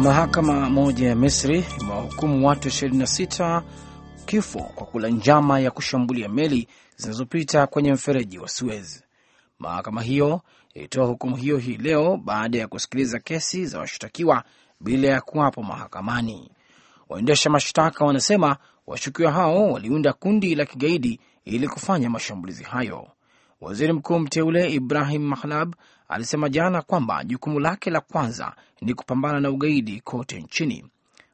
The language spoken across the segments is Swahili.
Mahakama moja ya Misri imewahukumu watu 26 kifo kwa kula njama ya kushambulia meli zinazopita kwenye mfereji wa Suez. Mahakama hiyo ilitoa hukumu hiyo hii leo baada ya kusikiliza kesi za washtakiwa bila ya kuwapo mahakamani. Waendesha mashtaka wanasema washukiwa hao waliunda kundi la kigaidi ili kufanya mashambulizi hayo. Waziri mkuu mteule Ibrahim Mahlab alisema jana kwamba jukumu lake la kwanza ni kupambana na ugaidi kote nchini.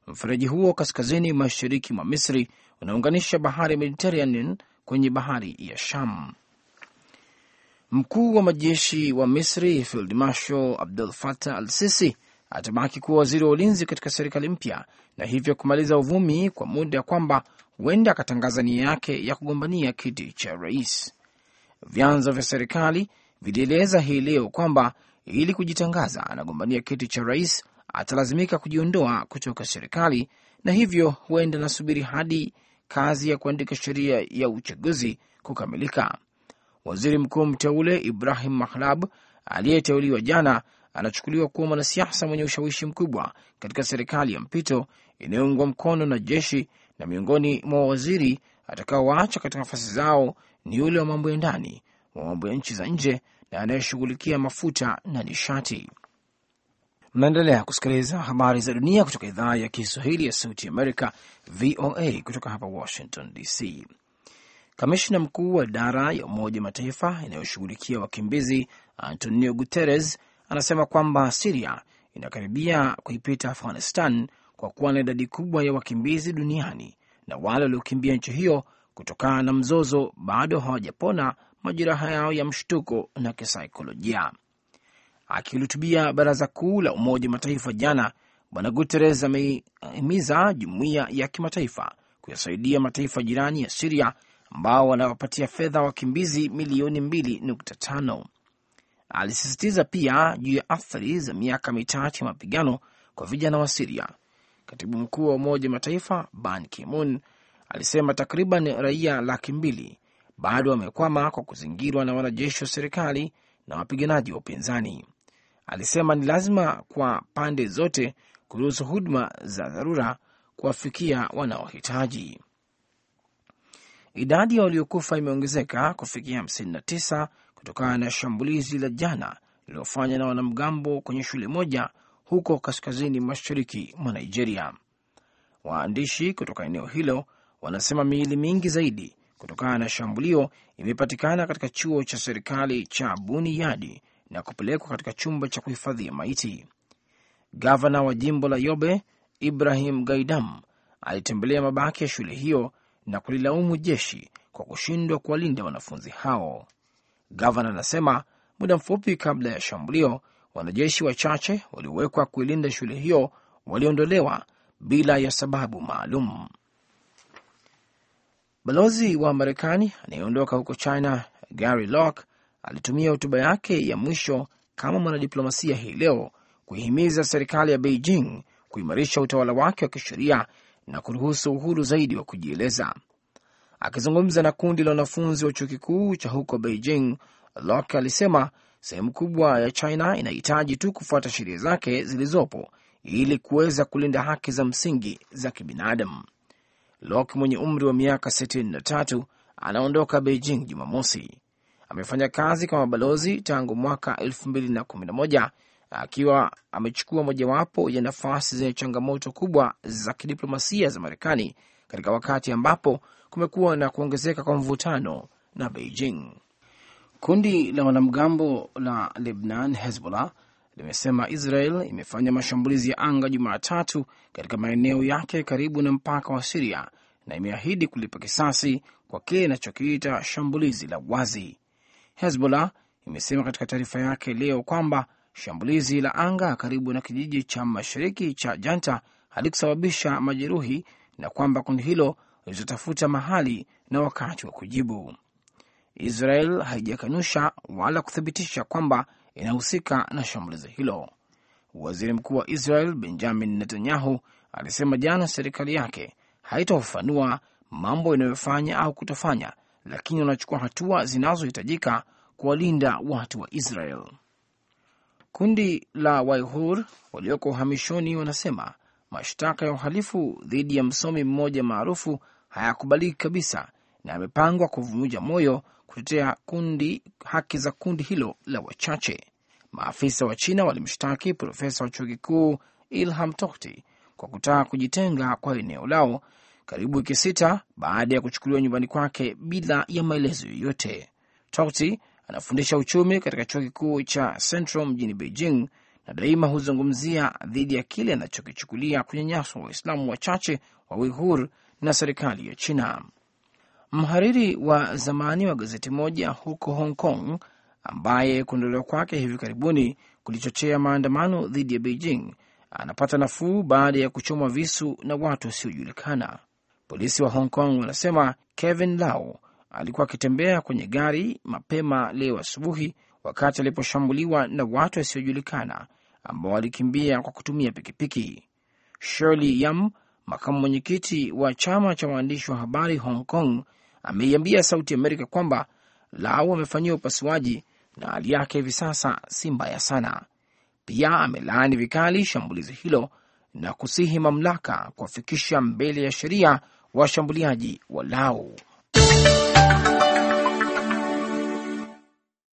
Mfereji huo kaskazini mashariki mwa Misri unaunganisha bahari ya Mediterranean kwenye bahari ya Sham. Mkuu wa majeshi wa Misri Field Marshal Abdul Fatah Al Sisi atabaki kuwa waziri wa ulinzi katika serikali mpya na hivyo kumaliza uvumi kwa muda kwamba huenda akatangaza nia yake ya kugombania kiti cha rais. Vyanzo vya serikali vilieleza hii leo kwamba ili kujitangaza anagombania kiti cha rais atalazimika kujiondoa kutoka serikali na hivyo huenda anasubiri hadi kazi ya kuandika sheria ya uchaguzi kukamilika. Waziri mkuu mteule Ibrahim Mahlab aliyeteuliwa jana anachukuliwa kuwa mwanasiasa mwenye ushawishi mkubwa katika serikali ya mpito inayoungwa mkono na jeshi, na miongoni mwa waziri atakaowaacha katika nafasi zao ni yule wa mambo ya ndani wa mambo ya nchi za nje na anayeshughulikia mafuta na nishati. Mnaendelea kusikiliza habari za dunia kutoka idhaa ya Kiswahili ya Sauti Amerika, VOA, kutoka hapa Washington DC. Kamishna mkuu wa idara ya Umoja Mataifa inayoshughulikia wakimbizi Antonio Guterres anasema kwamba Siria inakaribia kuipita Afghanistan kwa kuwa na idadi kubwa ya wakimbizi duniani na wale waliokimbia nchi hiyo kutokana na mzozo bado hawajapona majeraha yao ya mshtuko na kisaikolojia. Akihutubia baraza kuu la Umoja wa Mataifa jana, Bwana Guterres amehimiza jumuiya ya kimataifa kuyasaidia mataifa jirani ya Siria ambao wanawapatia fedha wakimbizi milioni 2.5. Alisisitiza pia juu ya athari za miaka mitatu ya mapigano kwa vijana wa Siria. Katibu mkuu wa Umoja wa Mataifa Ban Ki-moon alisema takriban raia laki mbili bado wamekwama kwa kuzingirwa na wanajeshi wa serikali na wapiganaji wa upinzani. Alisema ni lazima kwa pande zote kuruhusu huduma za dharura kuwafikia wanaohitaji. Idadi ya waliokufa imeongezeka kufikia 59 kutokana na shambulizi la jana lililofanywa na wanamgambo kwenye shule moja huko kaskazini mashariki mwa Nigeria. Waandishi kutoka eneo hilo wanasema miili mingi zaidi kutokana na shambulio imepatikana katika chuo cha serikali cha Buniyadi na kupelekwa katika chumba cha kuhifadhia maiti. Gavana wa jimbo la Yobe Ibrahim Gaidam alitembelea mabaki ya shule hiyo na kulilaumu jeshi kwa kushindwa kuwalinda wanafunzi hao. Gavana anasema muda mfupi kabla ya shambulio, wanajeshi wachache waliowekwa kuilinda shule hiyo waliondolewa bila ya sababu maalum. Balozi wa Marekani anayeondoka huko China Gary Locke alitumia hotuba yake ya mwisho kama mwanadiplomasia hii leo kuihimiza serikali ya Beijing kuimarisha utawala wake wa kisheria na kuruhusu uhuru zaidi wa kujieleza. Akizungumza na kundi la wanafunzi wa chuo kikuu cha huko Beijing, Locke alisema sehemu kubwa ya China inahitaji tu kufuata sheria zake zilizopo ili kuweza kulinda haki za msingi za kibinadamu. Lok mwenye umri wa miaka 63 anaondoka Beijing Jumamosi. Amefanya kazi kama balozi tangu mwaka 2011 akiwa amechukua mojawapo ya nafasi zenye changamoto kubwa za kidiplomasia za Marekani katika wakati ambapo kumekuwa na kuongezeka kwa mvutano na Beijing. Kundi la wanamgambo la Lebanon Hezbollah limesema Israel imefanya mashambulizi ya anga Jumatatu katika maeneo yake karibu na mpaka wa Siria na imeahidi kulipa kisasi kwa kile inachokiita shambulizi la wazi. Hezbollah imesema katika taarifa yake leo kwamba shambulizi la anga karibu na kijiji cha mashariki cha Janta halikusababisha majeruhi na kwamba kundi hilo lilizotafuta mahali na wakati wa kujibu. Israel haijakanusha wala kuthibitisha kwamba inahusika na shambulizi hilo. Waziri Mkuu wa Israel Benjamin Netanyahu alisema jana serikali yake haitafafanua mambo yanayofanya au kutofanya, lakini wanachukua hatua zinazohitajika kuwalinda watu wa Israel. Kundi la Waihur walioko uhamishoni wanasema mashtaka ya uhalifu dhidi ya msomi mmoja maarufu hayakubaliki kabisa na yamepangwa kuvunja moyo kutetea kundi haki za kundi hilo la wachache. Maafisa wa China walimshtaki profesa wa chuo kikuu Ilham Tohti kwa kutaka kujitenga kwa eneo lao karibu wiki sita baada ya kuchukuliwa nyumbani kwake bila ya maelezo yoyote. Tokti anafundisha uchumi katika chuo kikuu cha Central mjini Beijing na daima huzungumzia dhidi ya kile anachokichukulia kunyanyaswa Waislamu wachache wa Uighur na serikali ya China. Mhariri wa zamani wa gazeti moja huko Hong Kong ambaye kuondolewa kwake hivi karibuni kulichochea maandamano dhidi ya Beijing anapata nafuu baada ya kuchomwa visu na watu wasiojulikana. Polisi wa Hong Kong wanasema Kevin Lau alikuwa akitembea kwenye gari mapema leo asubuhi wakati aliposhambuliwa na watu wasiojulikana ambao walikimbia kwa kutumia pikipiki. Shirley Yam, makamu mwenyekiti wa chama cha waandishi wa habari Hong Kong, ameiambia Sauti Amerika kwamba Lau amefanyiwa upasuaji na hali yake hivi sasa si mbaya sana. Pia amelaani vikali shambulizi hilo na kusihi mamlaka kuwafikisha mbele ya sheria washambuliaji walau